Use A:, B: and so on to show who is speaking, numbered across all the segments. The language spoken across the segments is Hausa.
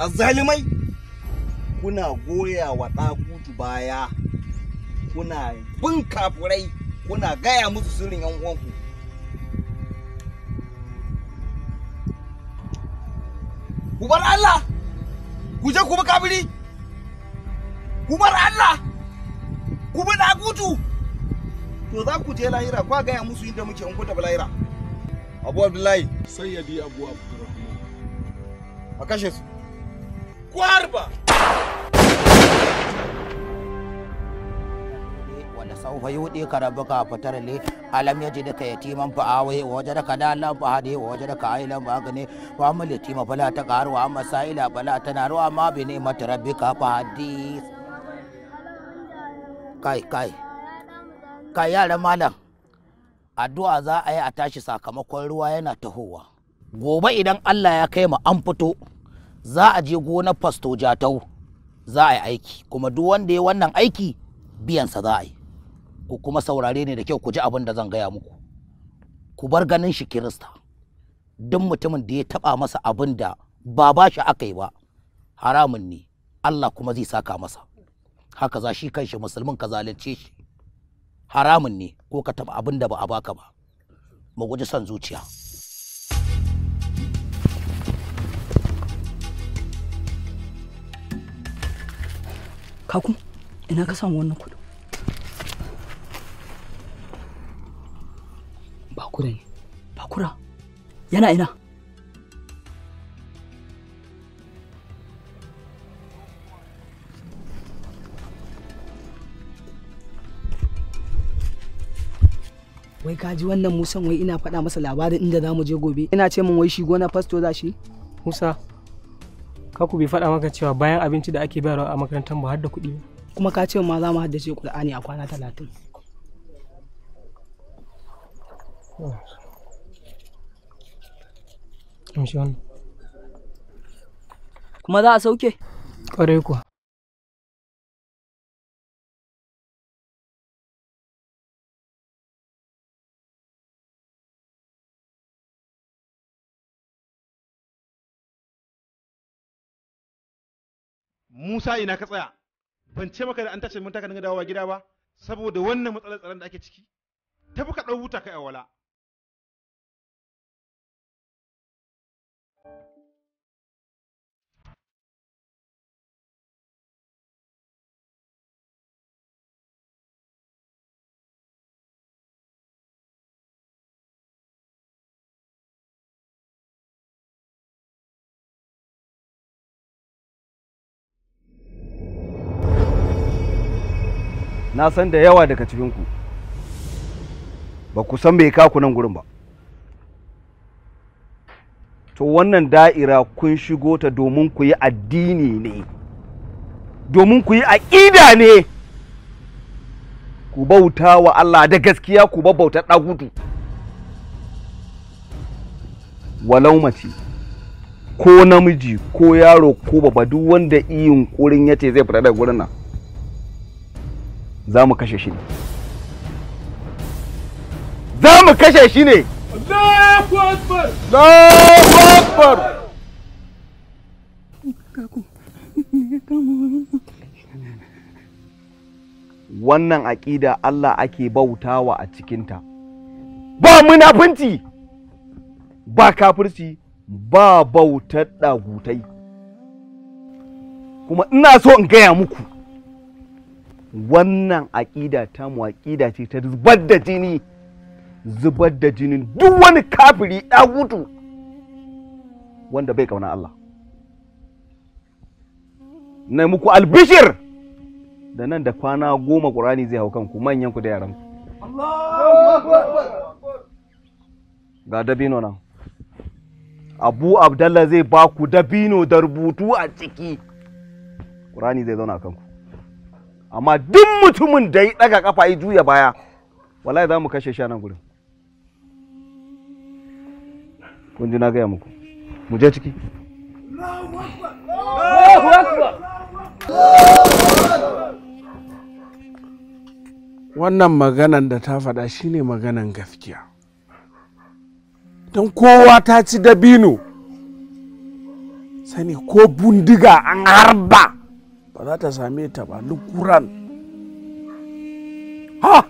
A: azzalimai kuna goya wa ɗagutu baya kuna bin kafurai kuna gaya musu sirrin yan uwanku ku bar Allah ku je ku bi kabiri ku bar Allah ku bi ɗagutu to za ku je lahira kwa gaya musu inda muke in ku tafi lahira abu abdullahi bi abu abdurrahman a kashe su kwarba
B: wanda sau fa yuɗi ka rabu ka fitar le alam ya ji daga yatiman fa awai waje da kadalan fa hade waje da kailan fa gane fa amal yatima fala ta qaru amma sa'ila fala ta naru amma bi ne mata rabbika fa hadi kai kai kai yara malam addu'a za a yi a tashi sakamakon ruwa yana tahowa gobe idan Allah ya kai mu an fito za a je gonar fasto jatau za a yi aiki kuma duk wanda ya wannan aiki biyansa za a yi ku kuma saurare ne da kyau ku ji abin da zan gaya muku ku bar ganin shi kirista duk mutumin da ya taba masa abin da ba ba shi aka yi ba haramun ne Allah kuma zai saka masa haka za shi kanshi musulmin ka zalunce shi haramun ne ko ka taba abin da ba a baka ba mu guji son zuciya
C: kaku ina ka samu wannan kuɗin
A: bakura ne bakura yana ina
B: wai kaji wannan musan wai ina faɗa masa labarin inda za mu je gobe ina ce min wai shi gona fasto za shi musa
C: kaku bai faɗa maka cewa bayan abinci da ake bayarwa a makarantar mu har da kuɗi
B: kuma ka ce ma za mu haddace kur'ani a kwana talatin.
A: Kuma za a sauke? Ƙwarai kuwa. Musa ina ka tsaya ban ce maka da an tace mun taka dinga dawowa gida ba saboda wannan matsalar tsaron da ake ciki tafi ka dau wuta ka wala na san da yawa daga cikinku ba ku san mai kaku nan gurin ba to wannan da'ira kun shigo ta domin ku yi addini ne domin ku yi aƙida ne ku bauta wa Allah da gaskiya ku bautar ɗagudu walau mace ko namiji ko yaro ko baba duk wanda iyin kurin ya ce zai fita daga gurin nan za mu kashe shi ne za mu kashe shi ne wannan aƙida Allah ake bautawa a cikinta ba munafunci ba kafirci ba bautar ɗagutai kuma ina so in gaya muku wannan aƙida ta mu aƙida ce ta zubar da jini zubar da jinin duk wani kafiri gudu wanda bai kauna Allah na muku albishir da nan da kwana goma ƙurani zai hau kanku manyan ku da yaran ga dabino nan abu abdallah zai baku dabino da rubutu a ciki ƙurani zai zauna kanku amma duk mutumin da ya daga kafa ya juya baya wallahi za mu kashe shi a nan gurin kun ji na gaya muku mu je ciki wannan maganan da ta faɗa shine maganan gaskiya don kowa ta ci dabino sani ko bundiga an harba ba za ta same ta ba lukuran ha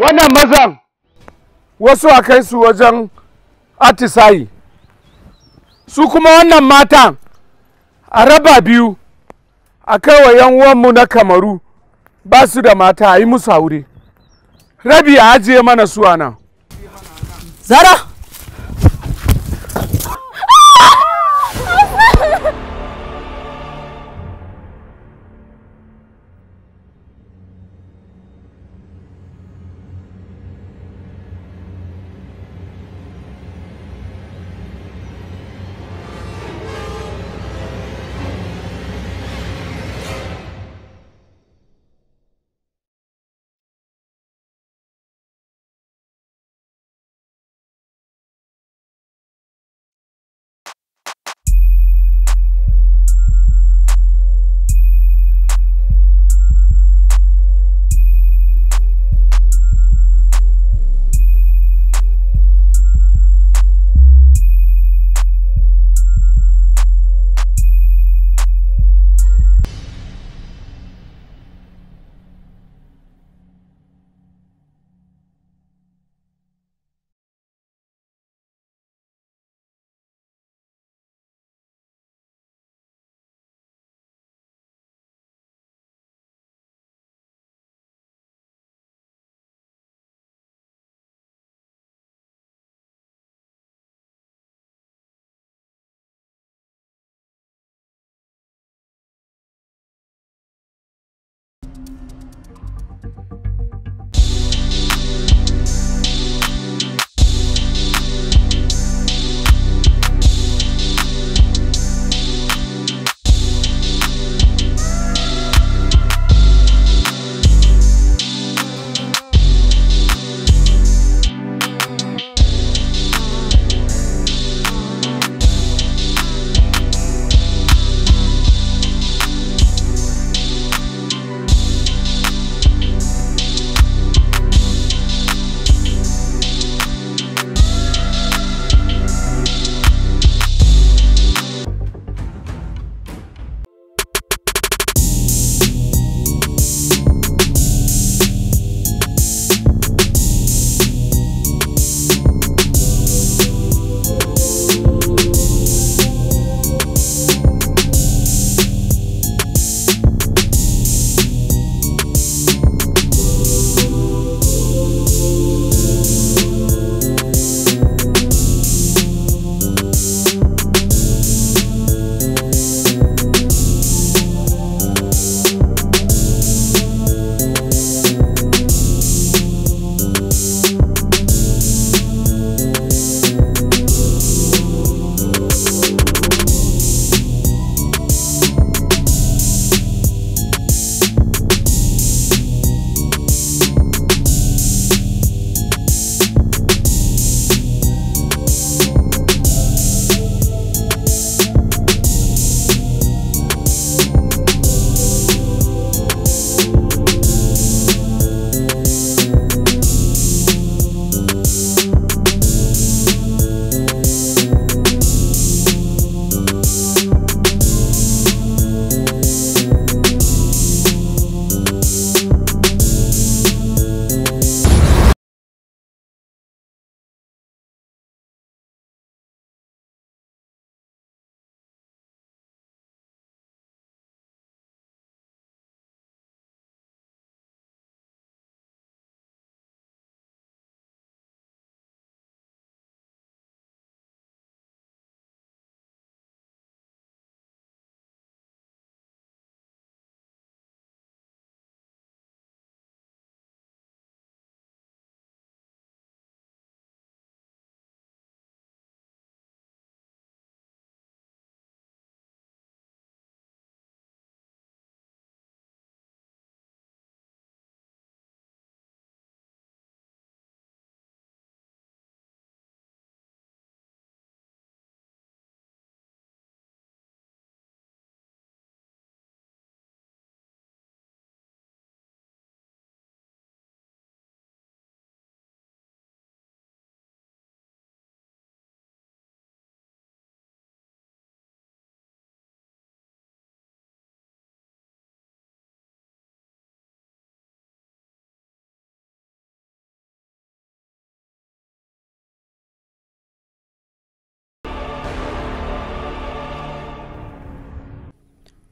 A: wannan mazan wasu a kai su wajen atisayi su kuma wannan matan a raba biyu a kai wa yan na kamaru ba su da mata a yi musu aure rabi a ajiye mana su a nan zara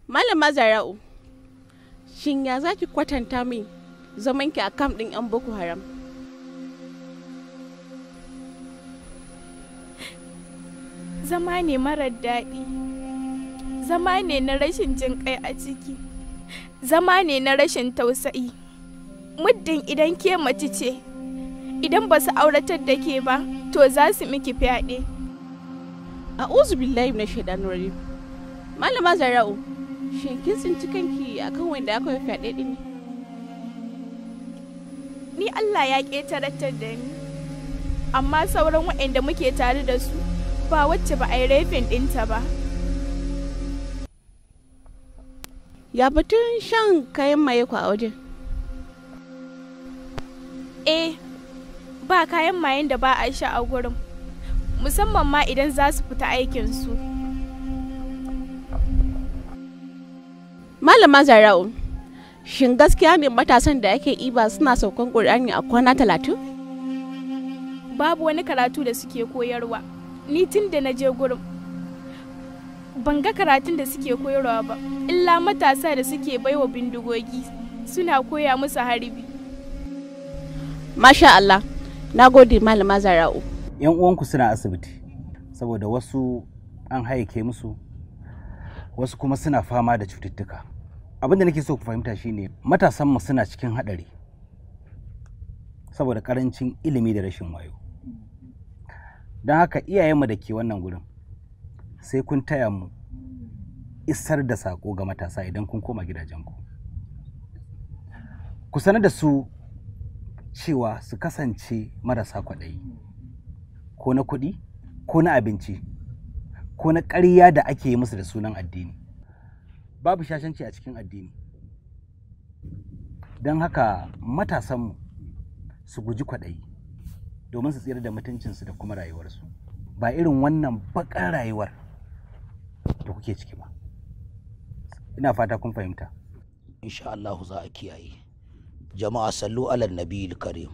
D: malama zara'u shin ya za ki kwatanta min zamanki a kam ɗin 'yan boko haram zama ne marar daɗi zama ne na rashin jin kai a ciki zama ne na rashin tausayi muddin idan ke mace ce idan ba su auratar da ke ba to za su miki fyaɗe a uzu billahi na shaidanuri malama zara'u Shin kin tsinci kanki akan wanda aka yi fyaɗe ɗin Ni Allah ya ƙetaratar da ni, amma sauran waɗanda muke tare da su ba wacce ba a yi rafin ɗinta ba. Ya batun shan kayan maye ku a wajen? Eh, ba kayan mayen da ba a sha a gurin, musamman ma idan za su fita aikinsu. su. malama zara'u shin gaskiya ne matasan da ake iba suna saukan ƙur'ani a kwana talatin babu wani karatu da suke koyarwa ni tun da na je gurin ban ga karatun da suke koyarwa ba illa matasa da suke baiwa bindigogi suna koya musu harbi masha Allah na gode malama zara'u
C: yan uwanku suna asibiti saboda wasu an haike musu wasu kuma suna fama da cututtuka abinda nake so ku fahimta shine matasan mu suna cikin hadari saboda karancin ilimi da rashin wayo don haka iyayenmu da ke wannan gurin sai kun taya mu isar da sako ga matasa idan kun koma gidajenku ku sanar da su cewa su kasance marasa kwaɗayi ko na kuɗi ko na abinci ko na ƙarya da ake yi musu da sunan addini babu shashanci a cikin addini don haka matasanmu su guji kwaɗayi domin su tsira da mutuncinsu da kuma rayuwarsu ba irin wannan baƙar rayuwar
B: da kuke ciki ba
C: ina fata kun fahimta
B: insha Allah za a kiyaye jama'a sallu alal nabiyil karim